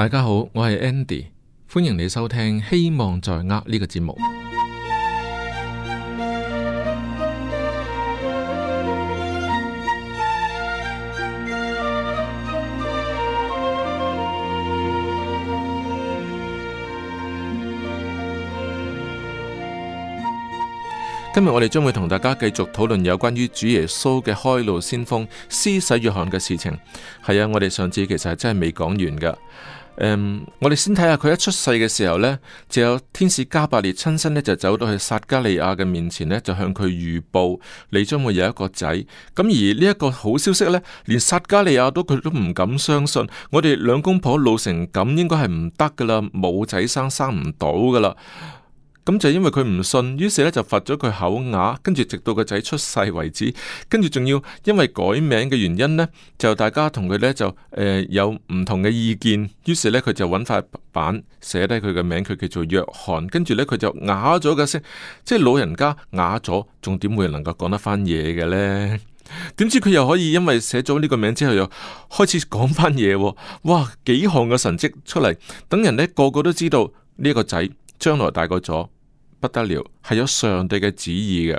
大家好，我係 Andy，歡迎你收聽《希望在握》呢個節目。今日我哋將會同大家繼續討論有關於主耶穌嘅開路先鋒施洗約翰嘅事情。係啊，我哋上次其實真係未講完噶。Um, 我哋先睇下佢一出世嘅時候呢，就有天使加百列親身呢，就走到去撒加利亞嘅面前呢，就向佢預報：你將會有一個仔。咁而呢一個好消息呢，連撒加利亞都佢都唔敢相信。我哋兩公婆老成咁，應該係唔得噶啦，冇仔生生唔到噶啦。咁就因為佢唔信，於是咧就罰咗佢口啞，跟住直到個仔出世為止，跟住仲要因為改名嘅原因咧，就大家就、呃、同佢咧就誒有唔同嘅意見，於是咧佢就揾塊板寫低佢嘅名，佢叫做約翰，跟住咧佢就啞咗個聲，即係老人家啞咗，仲點會能夠講得翻嘢嘅咧？點知佢又可以因為寫咗呢個名之後，又開始講翻嘢，哇！幾項嘅神迹出嚟，等人咧個個都知道呢個仔將來大個咗。不得了，係有上帝嘅旨意嘅。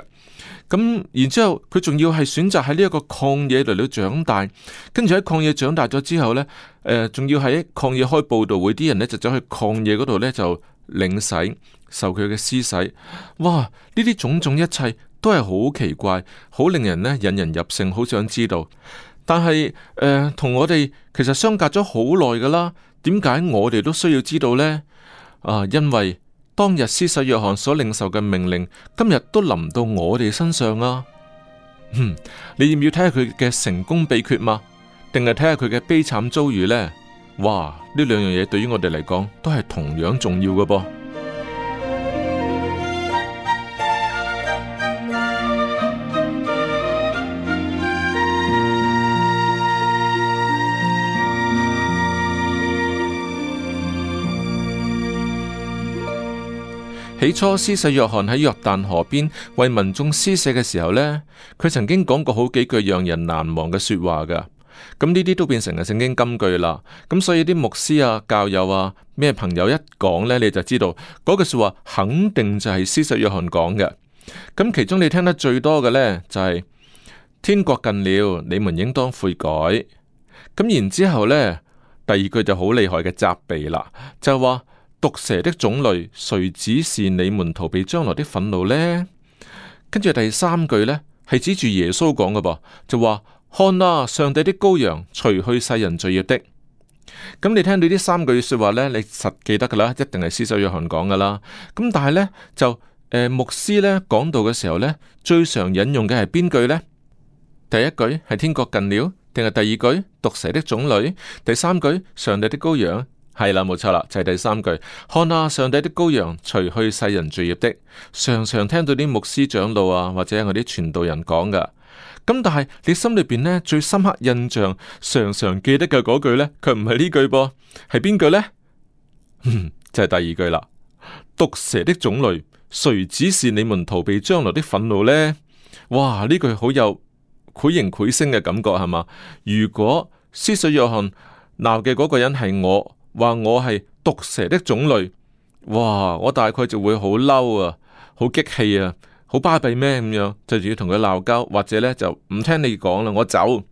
咁然後之後，佢、呃、仲要係選擇喺呢一個曠野嚟到長大，跟住喺曠野長大咗之後呢，誒，仲要喺曠野開佈道會，啲人呢就走去曠野嗰度呢，就領洗，受佢嘅施洗。哇！呢啲種種一切都係好奇怪，好令人呢引人入勝，好想知道。但係誒，同、呃、我哋其實相隔咗好耐噶啦。點解我哋都需要知道呢？啊，因為。當日施洗約翰所領受嘅命令，今日都臨到我哋身上啊！哼，你要唔要睇下佢嘅成功秘訣嘛？定係睇下佢嘅悲慘遭遇呢？哇！呢兩樣嘢對於我哋嚟講都係同樣重要嘅噃。起初施洗約翰喺約旦河邊為民眾施洗嘅時候呢，佢曾經講過好幾句讓人難忘嘅說話噶，咁呢啲都變成係聖經金句啦。咁所以啲牧師啊、教友啊、咩朋友一講呢，你就知道嗰句說話肯定就係施洗約翰講嘅。咁其中你聽得最多嘅呢，就是，就係天國近了，你們應當悔改。咁然之後咧，第二句就好厲害嘅責備啦，就話，是。毒蛇的種類，誰指示你們逃避將來的憤怒呢？跟住第三句咧，係指住耶穌講嘅噃，就話看啦，上帝的羔羊，除去世人罪孽的。咁你聽到呢三句說話咧，你實記得噶啦，一定係施洗約翰講噶啦。咁但係咧，就誒牧師咧講道嘅時候咧，最常引用嘅係邊句咧？第一句係天國近了，定係第二句毒蛇的種類，第三句上帝的羔羊？係啦，冇錯啦，就係第三句。看下上帝的羔羊，除去世人罪孽的，常常聽到啲牧師長老啊，或者我啲傳道人講噶。咁但係你心裏邊呢，最深刻印象，常常記得嘅嗰句呢，佢唔係呢句噃，係邊句呢？咧、嗯？就係第二句啦。「毒蛇的種類，誰指示你們逃避將來的憤怒呢？」哇，呢句好有繪形繪聲嘅感覺係嘛？如果施洗約翰鬧嘅嗰個人係我。話我係毒蛇的種類，哇！我大概就會好嬲啊，好激氣啊，好巴閉咩咁樣，就仲要同佢鬧交，或者呢就唔聽你講啦，我走。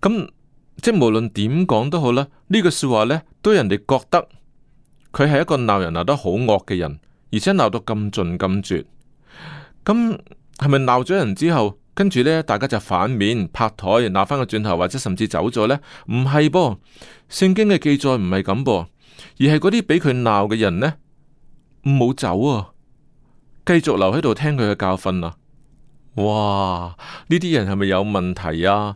咁即係無論點講都好啦，呢句說話呢，都人哋覺得佢係一個鬧人鬧得好惡嘅人，而且鬧到咁盡咁絕。咁係咪鬧咗人之後？跟住呢，大家就反面拍台，鬧翻個轉頭，或者甚至走咗呢。唔係噃。聖經嘅記載唔係咁噃，而係嗰啲俾佢鬧嘅人呢，冇走啊，繼續留喺度聽佢嘅教訓啊！哇，呢啲人係咪有問題啊？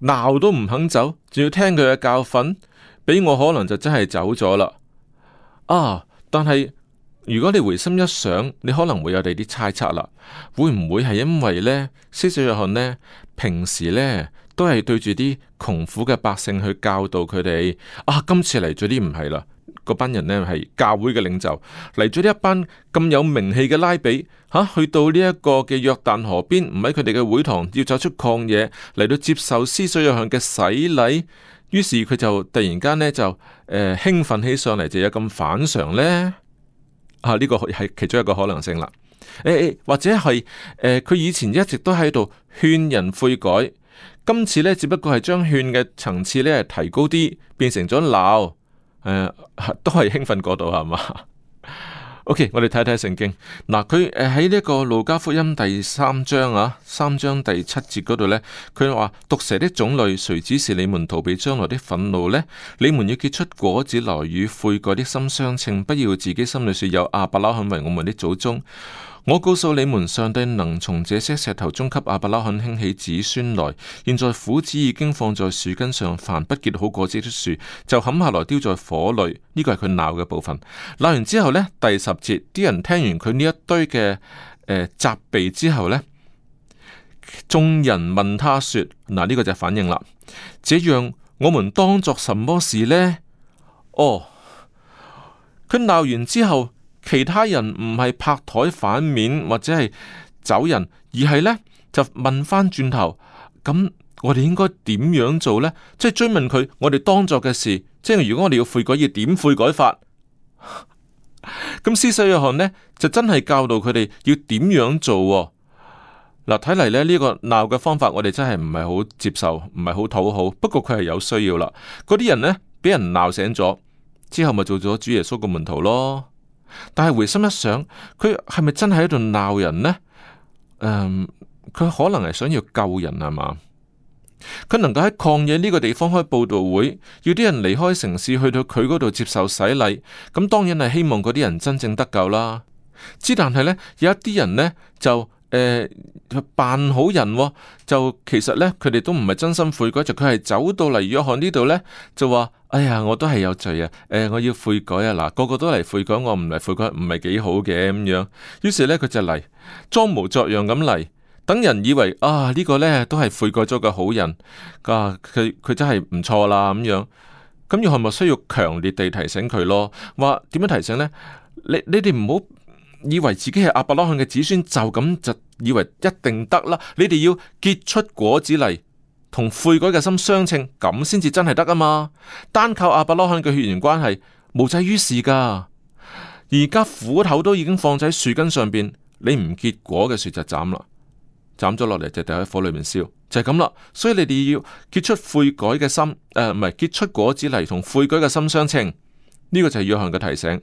鬧都唔肯走，仲要聽佢嘅教訓，俾我可能就真係走咗啦。啊，但係。如果你回心一想，你可能會有哋啲猜測啦。會唔會係因為呢？施洗約翰呢，平時呢都係對住啲窮苦嘅百姓去教導佢哋。啊，今次嚟咗啲唔係啦，嗰班人呢係教會嘅領袖嚟咗呢一班咁有名氣嘅拉比吓、啊，去到呢一個嘅約旦河邊，唔喺佢哋嘅會堂，要走出曠野嚟到接受施洗約翰嘅洗禮。於是佢就突然間呢，就誒、呃、興奮起上嚟，就有咁反常呢。啊！呢，這個係其中一個可能性啦，誒、哎、誒、哎，或者係誒，佢、呃、以前一直都喺度勸人悔改，今次咧只不過係將勸嘅層次咧提高啲，變成咗鬧，誒、呃，都係興奮過度係嘛？O.K. 我哋睇睇聖經，嗱佢誒喺呢個路加福音第三章啊，三章第七節嗰度咧，佢話，毒蛇的種類，誰指示你們逃避將來的憤怒呢？你們要結出果子來與悔改的心相稱，不要自己心裏說有阿、啊、伯拉罕為我們的祖宗。我告訴你們，上帝能從這些石頭中給亞伯拉罕興起子孫來。現在斧子已經放在樹根上，凡不結好果子的樹，就砍下來丟在火裏。呢個係佢鬧嘅部分。鬧完之後呢，第十節啲人聽完佢呢一堆嘅誒、呃、責備之後呢，眾人問他說：嗱，呢個就係反應啦。這樣我們當作什麼事呢？哦，佢鬧完之後。其他人唔係拍台反面或者係走人，而係呢，就問翻轉頭，咁我哋應該點樣做呢？即係追問佢，我哋當作嘅事，即係如果我哋要悔改，要點悔改法？咁施洗約翰呢，就真係教導佢哋要點樣做哦。嗱，睇嚟呢，呢個鬧嘅方法，我哋真係唔係好接受，唔係好討好。不過佢係有需要啦。嗰啲人呢，俾人鬧醒咗之後，咪做咗主耶穌嘅門徒咯。但係回心一想，佢係咪真係喺度鬧人呢？佢，um，可能係想要救人係嘛？佢能夠喺曠野呢個地方開布道會，要啲人離開城市去到佢嗰度接受洗禮，咁當然係希望嗰啲人真正得救啦。之但係呢，有一啲人呢，就誒扮，呃、好人哦，就其實呢，佢哋都唔係真心悔改，就佢係走到嚟約翰呢度呢，就話。哎呀，我都係有罪啊！誒、呃，我要悔改啊！嗱，個個都嚟悔改，我唔嚟悔改，唔係幾好嘅咁樣。於是咧，佢就嚟裝模作樣咁嚟，等人以為啊、這個、呢個咧都係悔改咗嘅好人，啊佢，佢真係唔錯啦咁樣。咁約翰咪需要強烈地提醒佢咯，話點樣提醒咧？你，你哋唔好以為自己係阿伯拉罕嘅子孫，就咁就以為一定得啦。你哋要結出果子嚟。同悔改嘅心相稱，咁先至真係得啊嘛！單靠阿伯羅罕嘅血緣關係，無濟於事噶。而家斧頭都已經放喺樹根上邊，你唔結果嘅樹就斬啦，斬咗落嚟就掉喺火裏面燒，就係咁啦。所以你哋要結出悔改嘅心，誒、呃，唔係結出果子嚟同悔改嘅心相稱。呢、這個就係約翰嘅提醒。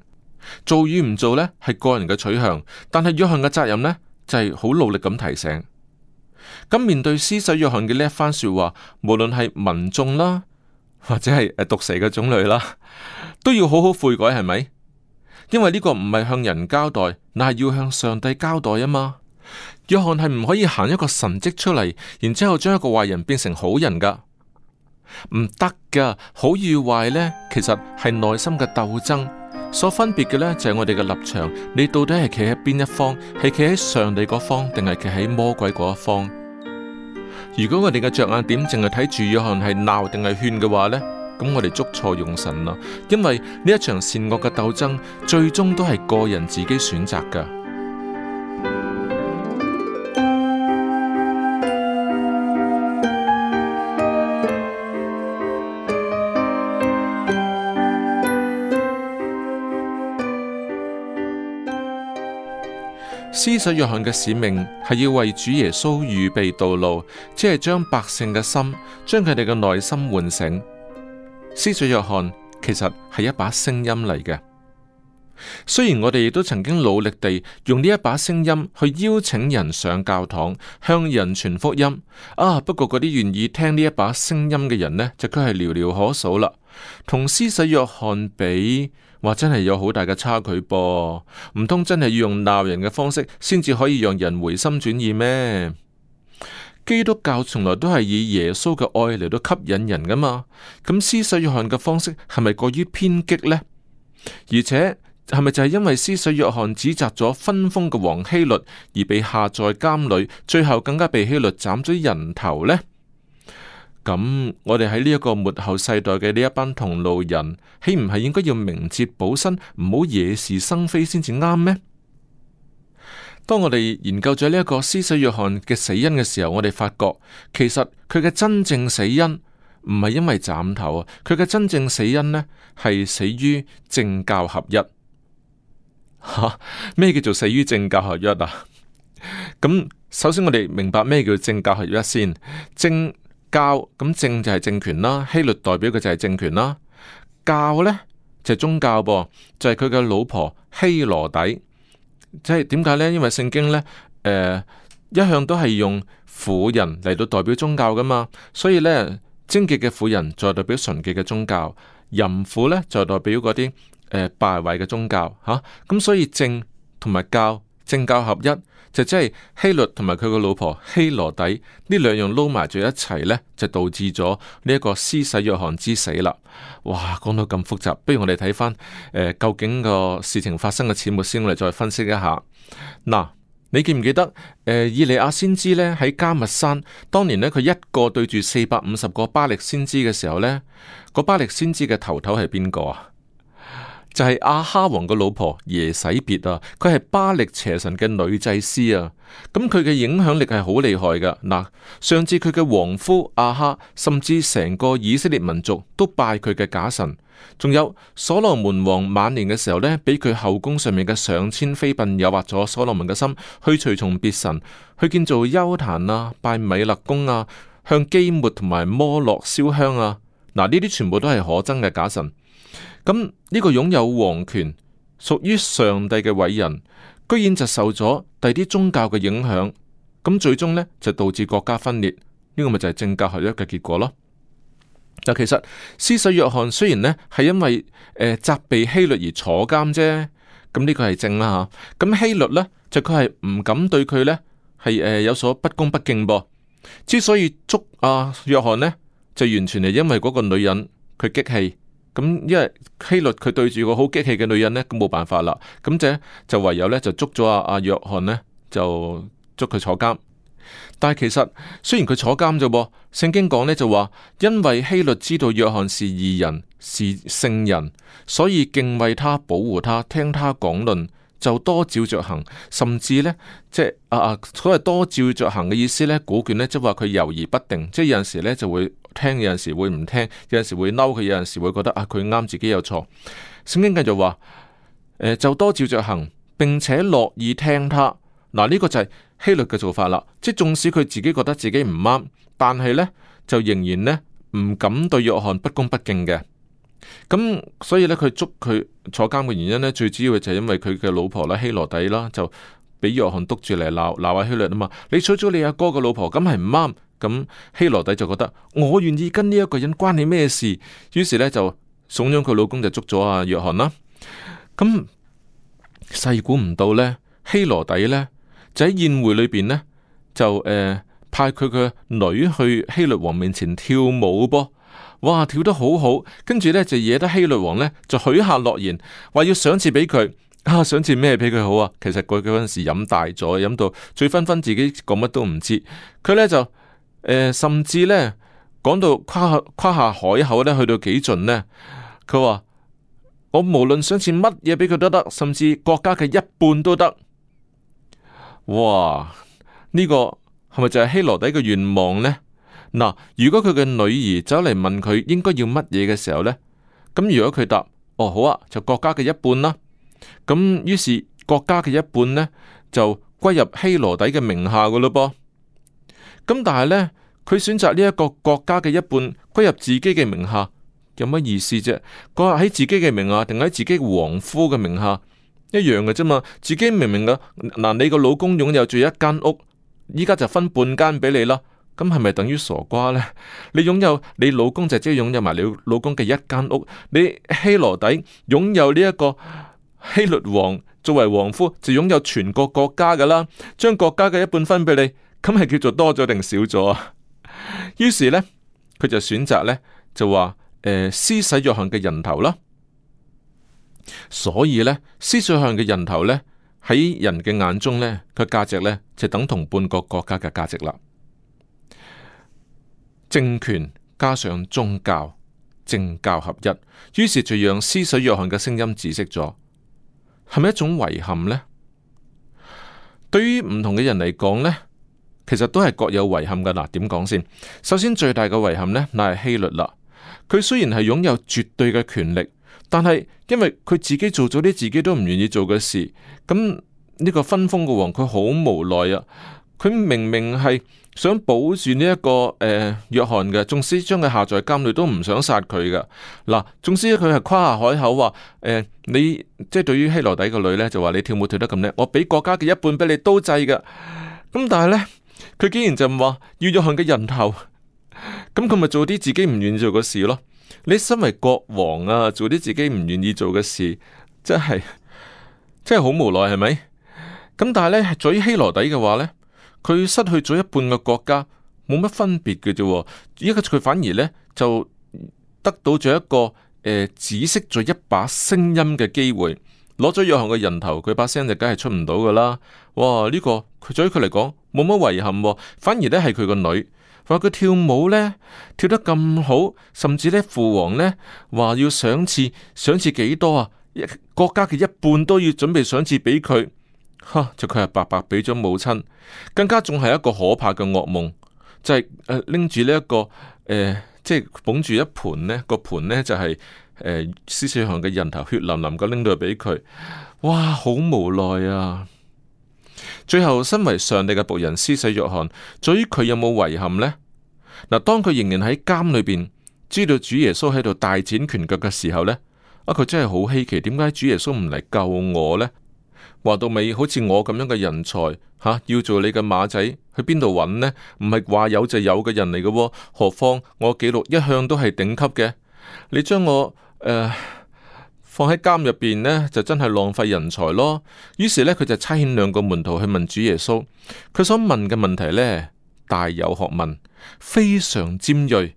做與唔做呢，係個人嘅取向，但係約翰嘅責任呢，就係、是、好努力咁提醒。咁面對施洗約翰嘅呢一番說話，無論係民眾啦，或者係毒蛇嘅種類啦，都要好好悔改係咪？因為呢個唔係向人交代，那係要向上帝交代啊嘛。約翰係唔可以行一個神跡出嚟，然之後將一個壞人變成好人噶，唔得噶。好與壞呢，其實係內心嘅鬥爭。所分別嘅呢，就係、是、我哋嘅立場，你到底係企喺邊一方，係企喺上帝嗰方，定係企喺魔鬼嗰一方？如果我哋嘅着眼點淨係睇住約翰係鬧定係勸嘅話呢，咁我哋捉錯用神啦，因為呢一場善惡嘅鬥爭，最終都係個人自己選擇㗎。施洗約翰嘅使命係要為主耶穌預備道路，即係將百姓嘅心，將佢哋嘅內心喚醒。施洗約翰其實係一把聲音嚟嘅，雖然我哋亦都曾經努力地用呢一把聲音去邀請人上教堂，向人傳福音啊，不過嗰啲願意聽呢一把聲音嘅人呢，就卻係寥寥可數啦。同施洗約翰比。話真係有好大嘅差距噃，啊，唔通真係要用鬧人嘅方式先至可以讓人回心轉意咩？基督教從來都係以耶穌嘅愛嚟到吸引人噶嘛，咁施洗約翰嘅方式係咪過於偏激呢？而且係咪就係因為施洗約翰指責咗分封嘅王希律而被下在監裏，最後更加被希律斬咗人頭呢？咁我哋喺呢一個末後世代嘅呢一班同路人，豈唔係應該要明哲保身，唔好惹是生非先至啱咩？當我哋研究咗呢一個施洗約翰嘅死因嘅時候，我哋發覺其實佢嘅真正死因唔係因為斬頭啊，佢嘅真正死因呢係死於政教合一。哈？咩叫做死於政教合一啊？咁首先我哋明白咩叫政教合一先政。教咁，正就係政權啦，希律代表嘅就係政權啦。教咧就係、是、宗教噃，就係佢嘅老婆希羅底。即係點解咧？因為聖經咧，誒、呃、一向都係用婦人嚟到代表宗教噶嘛，所以咧貞潔嘅婦人就代表純潔嘅宗教，淫婦咧就代表嗰啲誒敗壞嘅宗教。吓、啊、咁，所以正同埋教，政教合一就即、是、係希律同埋佢個老婆希羅底呢兩樣撈埋在一齊呢，就導致咗呢一個施洗約翰之死啦。哇，講到咁複雜，不如我哋睇返誒，究竟個事情發生嘅始末先，我哋再分析一下。嗱、呃，你記唔記得誒，以、呃、利亞先知呢，喺加密山當年咧，佢一個對住四百五十個巴力先知嘅時候呢，嗰巴力先知嘅頭頭係邊個啊？就係阿哈王嘅老婆耶洗別啊，佢係巴力邪神嘅女祭司啊，咁佢嘅影響力係好厲害噶。嗱，上至佢嘅王夫阿哈，甚至成個以色列民族都拜佢嘅假神。仲有所羅門王晚年嘅時候呢，俾佢後宮上面嘅上千妃嬪誘惑咗所羅門嘅心，去隨從別神，去建造丘壇啊，拜米勒公啊，向基抹同埋摩洛燒香啊。嗱，呢啲全部都係可憎嘅假神。咁呢個擁有皇權屬於上帝嘅偉人，居然就受咗第啲宗教嘅影響，咁最終呢，就導致國家分裂。呢、這個咪就係政教合一嘅結果咯。嗱，其實施洗約翰雖然呢，係因為誒、呃、責備希律而坐監啫，咁、啊、呢個係正啦吓。咁希律咧就佢係唔敢對佢呢，係誒、呃、有所不恭不敬噃。之所以捉阿約翰呢，就完全係因為嗰個女人佢激氣。咁因為希律佢對住個好激氣嘅女人呢，咁冇辦法啦。咁就唯有呢，就捉咗阿阿約翰呢，就捉佢坐監。但係其實雖然佢坐監啫，聖經講呢就話，因為希律知道約翰是義人，是聖人，所以敬畏他，保護他，聽他講論。就多照着行，甚至呢，即係啊啊，所謂多照着行嘅意思呢，古卷呢，即係話佢猶豫不定，即係有陣時呢就會聽，有陣時會唔聽，有陣時會嬲佢，有陣時會覺得啊，佢啱自己有錯。聖經繼續話，就多照着行，並且樂意聽他。嗱，呢、這個就係希律嘅做法啦，即係縱使佢自己覺得自己唔啱，但係呢，就仍然呢唔敢對約翰不恭不敬嘅。咁、嗯、所以咧，佢捉佢坐監嘅原因咧，最主要就係因為佢嘅老婆啦，希羅底啦，就俾約翰督住嚟鬧鬧下希律啊嘛。你娶咗你阿哥嘅老婆，咁係唔啱。咁、嗯、希羅底就覺得我願意跟呢一個人，關你咩事？於是咧就慫恿佢老公就捉咗阿約翰啦。咁細估唔到咧，希羅底咧就喺宴會裏邊呢，就誒、呃、派佢嘅女去希律王面前跳舞噃。哇，跳得好好，跟住呢就惹得希律王呢就許下諾言，話要賞賜俾佢。啊，賞賜咩俾佢好啊？其實嗰幾陣時飲大咗，飲到醉醺醺，自己講乜都唔知。佢呢就、呃、甚至呢講到誇下誇下海口呢去到幾盡呢。佢話我無論賞賜乜嘢俾佢都得，甚至國家嘅一半都得。哇，呢、這個係咪就係希羅底嘅願望呢？嗱，如果佢嘅女兒走嚟問佢應該要乜嘢嘅時候呢？咁如果佢答，哦，好啊，就國家嘅一半啦。咁於是國家嘅一半呢，就歸入希羅底嘅名下噶咯噃。咁但係呢，佢選擇呢一個國家嘅一半歸入自己嘅名下，有乜意思啫？佢話喺自己嘅名下定喺自己亡夫嘅名下一樣嘅啫嘛。自己明明嘅，啊、嗱，你個老公擁有住一間屋，依家就分半間俾你啦。咁係咪等於傻瓜咧？你擁有你老公，就即擁有埋你老公嘅一間屋，你希羅底擁有呢一個希律王作為王夫，就擁有全國國家噶啦，將國家嘅一半分俾你，咁係叫做多咗定少咗啊？於是咧，佢就選擇咧就話誒，施洗約翰嘅人頭啦。所以咧，施洗約翰嘅人頭咧喺人嘅眼中咧，佢價值咧就等同半個國家嘅價值啦。政權加上宗教、政教合一，於是就讓施洗約翰嘅聲音窒息咗，係咪一種遺憾呢？對於唔同嘅人嚟講呢，其實都係各有遺憾嘅嗱。點講先？首先最大嘅遺憾呢，乃係希律啦。佢雖然係擁有絕對嘅權力，但係因為佢自己做咗啲自己都唔願意做嘅事，咁呢個分封嘅王，佢好無奈啊。佢明明係想保住呢、這、一個誒、呃、約翰嘅，縱使將佢下在監裏都唔想殺佢嘅。嗱，縱使佢係誇下海口話，誒、呃、你即係對於希羅底個女咧就話你跳舞跳得咁叻，我俾國家嘅一半俾你都制嘅。咁但係咧，佢竟然就唔話要約翰嘅人頭，咁佢咪做啲自己唔願意做嘅事咯？你身為國王啊，做啲自己唔願意做嘅事，真係真係好無奈係咪？咁但係咧，係對於希羅底嘅話咧。佢失去咗一半嘅國家，冇乜分別嘅啫。依家佢反而咧就得到咗一個誒，止息咗一把聲音嘅機會，攞咗若翰嘅人頭，佢把聲就梗係出唔到㗎啦。哇！呢、這個佢對於佢嚟講冇乜遺憾、哦，反而咧係佢個女話佢跳舞咧跳得咁好，甚至咧父王咧話要賞賜，賞賜幾多啊？國家嘅一半都要準備賞賜俾佢。吓，就佢係白白俾咗母親，更加仲係一個可怕嘅噩夢，就係拎住呢一個誒，即係捧住一盤呢個盤呢，就係誒施洗約翰嘅人頭，血淋淋咁拎到去俾佢，哇，好無奈啊！最後身為上帝嘅僕人施洗約翰，至於佢有冇遺憾呢？嗱，當佢仍然喺監裏邊，知道主耶穌喺度大展拳腳嘅時候呢，啊，佢真係好稀奇，點解主耶穌唔嚟救我呢？話到尾，好似我咁樣嘅人才，吓、啊、要做你嘅馬仔，去邊度揾呢？唔係話有就有嘅人嚟嘅，哦，何況我記錄一向都係頂級嘅。你將我誒，呃，放喺監入邊呢，就真係浪費人才咯。於是呢，佢就差遣兩個門徒去問主耶穌。佢所問嘅問題呢，大有學問，非常尖銳，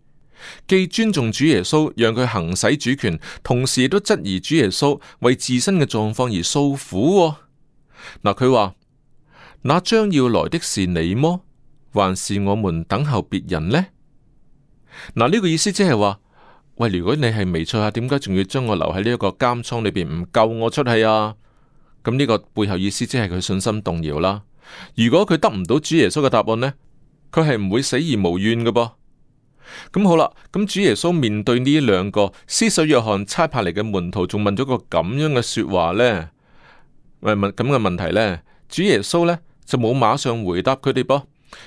既尊重主耶穌，讓佢行使主權，同時亦都質疑主耶穌為自身嘅狀況而訴苦，哦。嗱佢話：那將要來的是你麼？還是我們等候別人呢？嗱呢個意思即係話喂，如果你係彌賽亞，點解仲要將我留喺呢一個監倉裏邊唔救我出去啊？咁呢個背後意思即係佢信心動搖啦。如果佢得唔到主耶穌嘅答案呢，佢係唔會死而無怨嘅噃。咁好啦，咁主耶穌面對呢兩個施洗約翰差派嚟嘅門徒，仲問咗個咁樣嘅說話呢？喂，咁嘅問題呢，主耶穌呢就冇馬上回答佢哋噃，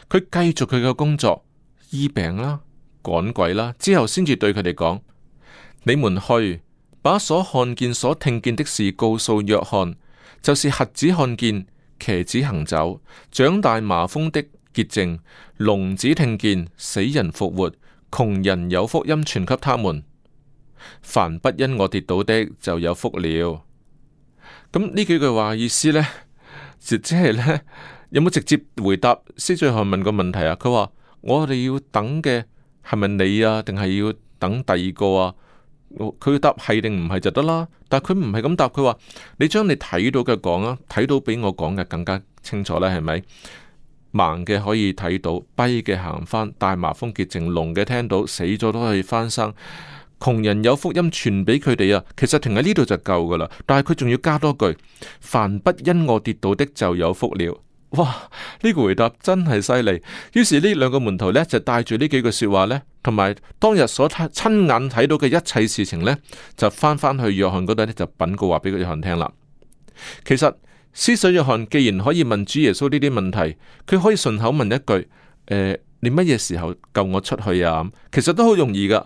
佢繼續佢嘅工作醫病啦、趕鬼啦，之後先至對佢哋講：你們去把所看見、所聽見的事告訴約翰，就是瞎子看見、瘸子行走、長大麻風的潔淨、聾子聽見、死人復活、窮人有福音傳給他們，凡不因我跌倒的就有福了。咁呢幾句話意思呢，即係咧，有冇直接回答施洗約翰問個問題啊？佢話我哋要等嘅係咪你啊，定係要等第二個啊？佢答係定唔係就得啦。但係佢唔係咁答，佢話你將你睇到嘅講啊，睇到比我講嘅更加清楚啦，係咪？盲嘅可以睇到，跛嘅行返，大麻風潔淨，聾嘅聽到，死咗都可以翻生。窮人有福音傳俾佢哋啊，其實停喺呢度就夠噶啦。但係佢仲要加多句：凡不因我跌倒的就有福了。哇！呢、這個回答真係犀利。於是呢兩個門徒呢，就帶住呢幾句說話呢，同埋當日所睇親眼睇到嘅一切事情呢，就翻返去約翰嗰度呢，就稟告話俾約翰聽啦。其實施洗約翰既然可以問主耶穌呢啲問題，佢可以順口問一句：呃、你乜嘢時候救我出去啊？其實都好容易噶。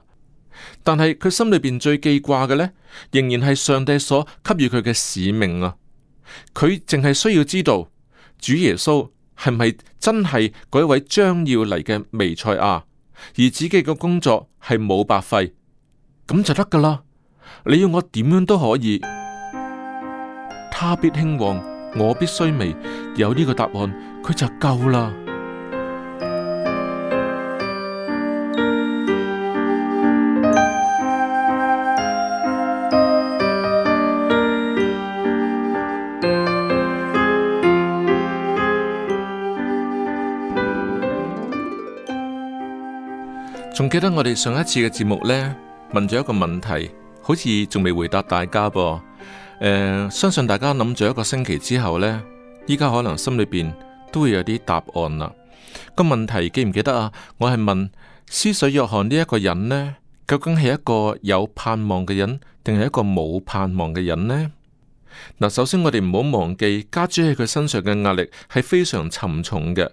但係佢心裏邊最記掛嘅呢，仍然係上帝所給予佢嘅使命啊！佢淨係需要知道主耶穌係咪真係嗰位將要嚟嘅彌賽亞，而自己嘅工作係冇白費，咁就得噶啦！你要我點樣都可以，他必興旺，我必衰微，有呢個答案，佢就夠啦。仲記得我哋上一次嘅節目咧，問咗一個問題，好似仲未回答大家噃。誒，相信大家諗咗一個星期之後咧，依家可能心裏邊都會有啲答案啦。個問題記唔記得啊？我係問施洗約翰呢一個人咧，究竟係一個有盼望嘅人，定係一個冇盼望嘅人呢？嗱，首先我哋唔好忘記，家主喺佢身上嘅壓力係非常沉重嘅，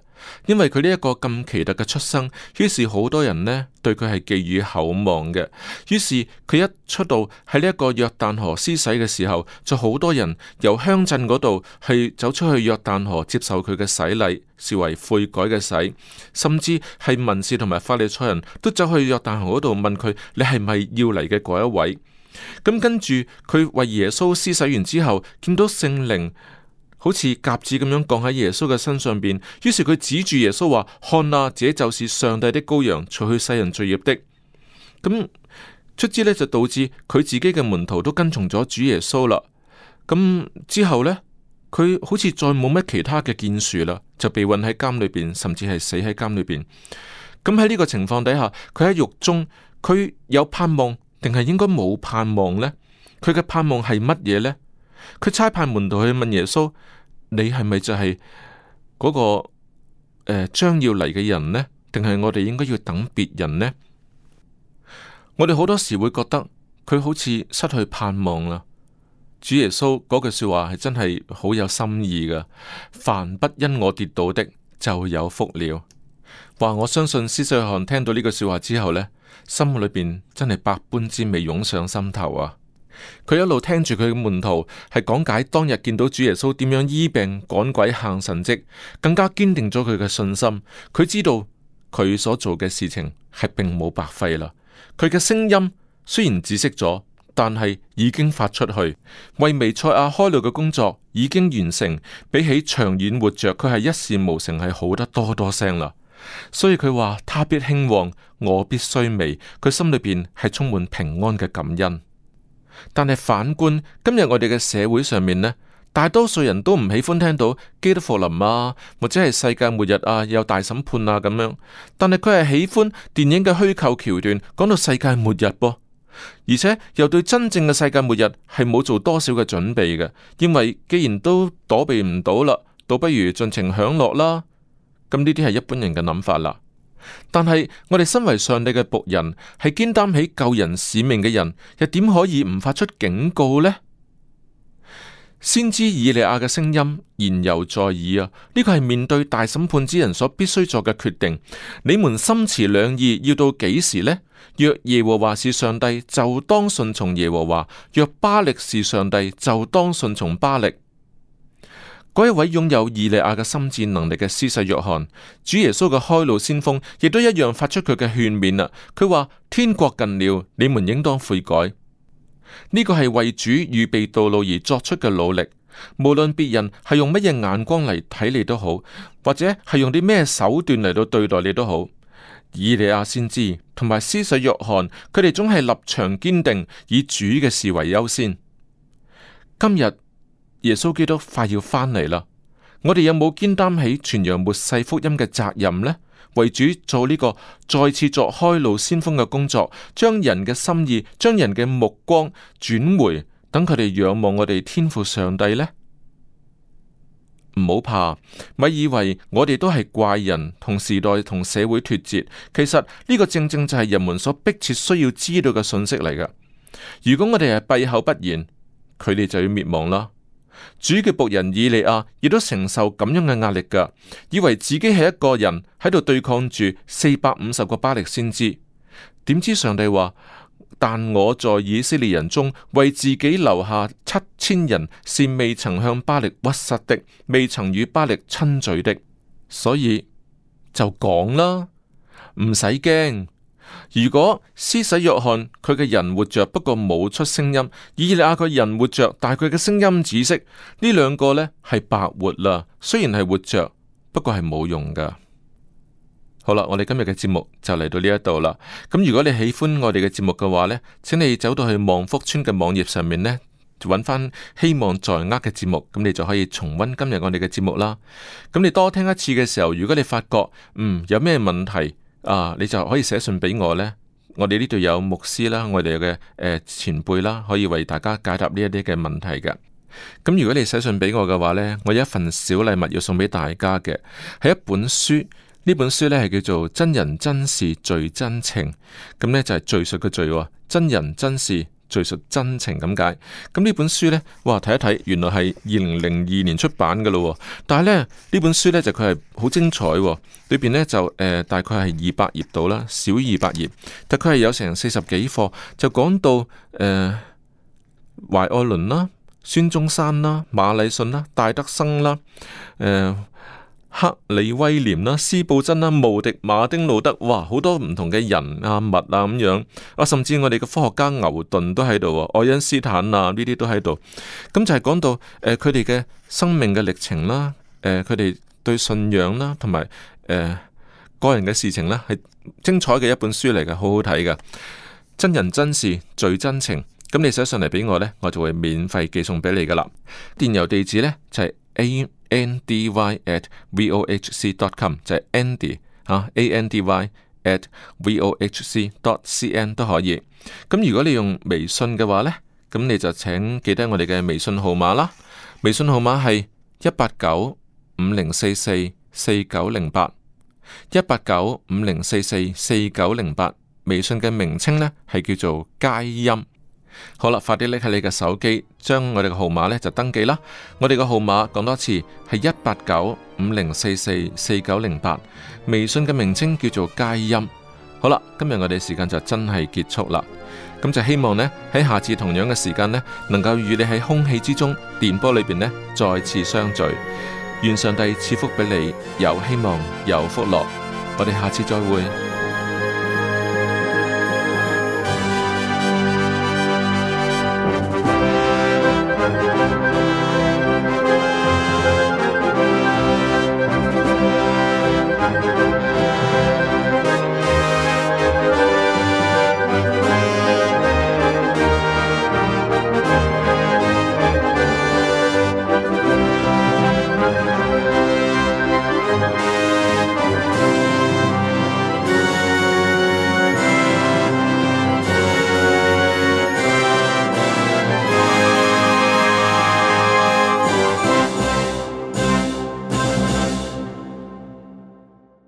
因為佢呢一個咁奇特嘅出生，於是好多人呢對佢係寄予厚望嘅，於是佢一出道喺呢一個約旦河施洗嘅時候，就好多人由鄉鎮嗰度係走出去約旦河接受佢嘅洗禮，視為悔改嘅洗，甚至係文士同埋法利賽人都走去約旦河嗰度問佢：你係咪要嚟嘅嗰一位？咁跟住佢為耶穌施洗完之後，見到聖靈好似鴿子咁樣降喺耶穌嘅身上邊，於是佢指住耶穌話：看啊，這就是上帝的羔羊，除去世人罪孽的。咁卒之呢，就導致佢自己嘅門徒都跟從咗主耶穌啦。咁之後呢，佢好似再冇乜其他嘅建樹啦，就被運喺監裏邊，甚至係死喺監裏邊。咁喺呢個情況底下，佢喺獄中，佢有盼望。定係應該冇盼望呢？佢嘅盼望係乜嘢呢？佢差派門徒去問耶穌：你係咪就係嗰、嗰個誒、呃、將要嚟嘅人呢？定係我哋應該要等別人呢？」我哋好多時會覺得佢好似失去盼望啦。主耶穌嗰句說話係真係好有心意噶。凡不因我跌倒的就有福了。話我相信施洗約翰聽到呢句說話之後呢。心裏邊真係百般滋味湧上心頭啊！佢一路聽住佢嘅門徒係講解當日見到主耶穌點樣醫病趕鬼行神蹟，更加堅定咗佢嘅信心。佢知道佢所做嘅事情係並冇白費啦。佢嘅聲音雖然止息咗，但係已經發出去，為彌賽亞開路嘅工作已經完成。比起長遠活着，佢係一事無成係好得多多聲啦。所以佢話他必興旺，我必衰微。佢心裏邊係充滿平安嘅感恩。但係反觀今日我哋嘅社會上面呢，大多數人都唔喜歡聽到基督降臨啊，或者係世界末日啊，有大審判啊咁樣。但係佢係喜歡電影嘅虛構橋段，講到世界末日噃、啊，而且又對真正嘅世界末日係冇做多少嘅準備嘅，因為既然都躲避唔到啦，倒不如盡情享樂啦。咁呢啲係一般人嘅諗法啦，但係我哋身為上帝嘅僕人，係肩擔起救人使命嘅人，又點可以唔發出警告呢？先知以利亞嘅聲音，言猶在耳啊！呢個係面對大審判之人所必須做嘅決定。你們心持兩意，要到幾時呢？若耶和華是上帝，就當順從耶和華；若巴力是上帝，就當順從巴力。嗰一位擁有以利亞嘅心智能力嘅施洗約翰，主耶穌嘅開路先鋒，亦都一樣發出佢嘅勸勉啦。佢話：天國近了，你們應當悔改。呢、呢個係為主預備道路而作出嘅努力。無論別人係用乜嘢眼光嚟睇你都好，或者係用啲咩手段嚟到對待你都好，以利亞先知同埋施洗約翰，佢哋總係立場堅定，以主嘅事為優先。今日。耶穌基督快要返嚟啦，我哋有冇肩擔起傳揚末世福音嘅責任呢？為主做呢個再次作開路先鋒嘅工作，將人嘅心意、將人嘅目光轉回，等佢哋仰望我哋天父上帝呢？唔好怕，咪以為我哋都係怪人，同時代同社會脫節。其實呢個正正就係人們所迫切需要知道嘅信息嚟㗎。如果我哋係閉口不言，佢哋就要滅亡啦。主嘅僕人以利亞亦都承受咁樣嘅壓力㗎，以為自己係一個人喺度對抗住四百五十個巴力先知，點知上帝話：但我在以色列人中為自己留下七千人，是未曾向巴力屈膝的，未曾與巴力親嘴的，所以就講啦，唔使驚。如果施洗約翰佢嘅人活着，不過冇出聲音；以利亞佢人活着，但係佢嘅聲音止息。呢兩個呢係白活啦，雖然係活着，不過係冇用噶。好啦，我哋今日嘅節目就嚟到呢一度啦。咁如果你喜歡我哋嘅節目嘅話呢，請你走到去望福村嘅網頁上面呢，揾翻希望在握嘅節目，咁你就可以重溫今日我哋嘅節目啦。咁你多聽一次嘅時候，如果你發覺嗯有咩問題，啊！你就可以寫信畀我呢。我哋呢度有牧師啦，我哋嘅誒前輩啦，可以為大家解答呢一啲嘅問題嘅。咁如果你寫信畀我嘅話呢，我有一份小禮物要送畀大家嘅，係一本書。呢本書呢，係叫做《真人真事聚真情》，咁呢就係敘述嘅敘，真人真事。敍述真情咁解，咁呢本書呢，哇，睇一睇，原來係二零零二年出版嘅咯。但係呢，呢本書呢，就佢係好精彩，裏邊呢，就誒、呃、大概係二百頁到啦，少二百頁，但佢係有成四十幾課，就講到誒懷、呃、愛倫啦、孫中山啦、馬禮遜啦、戴德生啦，誒、呃。克里威廉啦、斯布真啦、穆迪、馬丁路德，哇，好多唔同嘅人啊、物啊咁樣啊，甚至我哋嘅科學家牛頓都喺度、啊，愛因斯坦啊呢啲都喺度、啊。咁就係講到誒佢哋嘅生命嘅歷程啦、啊，誒佢哋對信仰啦、啊，同埋誒個人嘅事情咧、啊，係精彩嘅一本書嚟嘅，好好睇㗎，真人真事最真情。咁你寫上嚟畀我咧，我就會免費寄送俾你噶啦。電郵地址咧就係、是。Andy at vohc dot com，就係 Andy 啊，Andy at vohc dot cn 都可以。咁如果你用微信嘅話咧，咁你就請記得我哋嘅微信號碼啦。微信號碼係一八九五零四四四九零八，一八九五零四四四九零八。微信嘅名稱咧係叫做佳音。好啦，快啲拎起你嘅手機，將我哋嘅號碼呢就登記啦。我哋嘅號碼講多次，係一八九五零四四四九零八。微信嘅名稱叫做佳音。好啦，今日我哋時間就真係結束啦。咁就希望呢，喺下次同樣嘅時間呢，能夠與你喺空氣之中、電波裏邊呢再次相聚。願上帝賜福俾你，有希望，有福樂。我哋下次再會。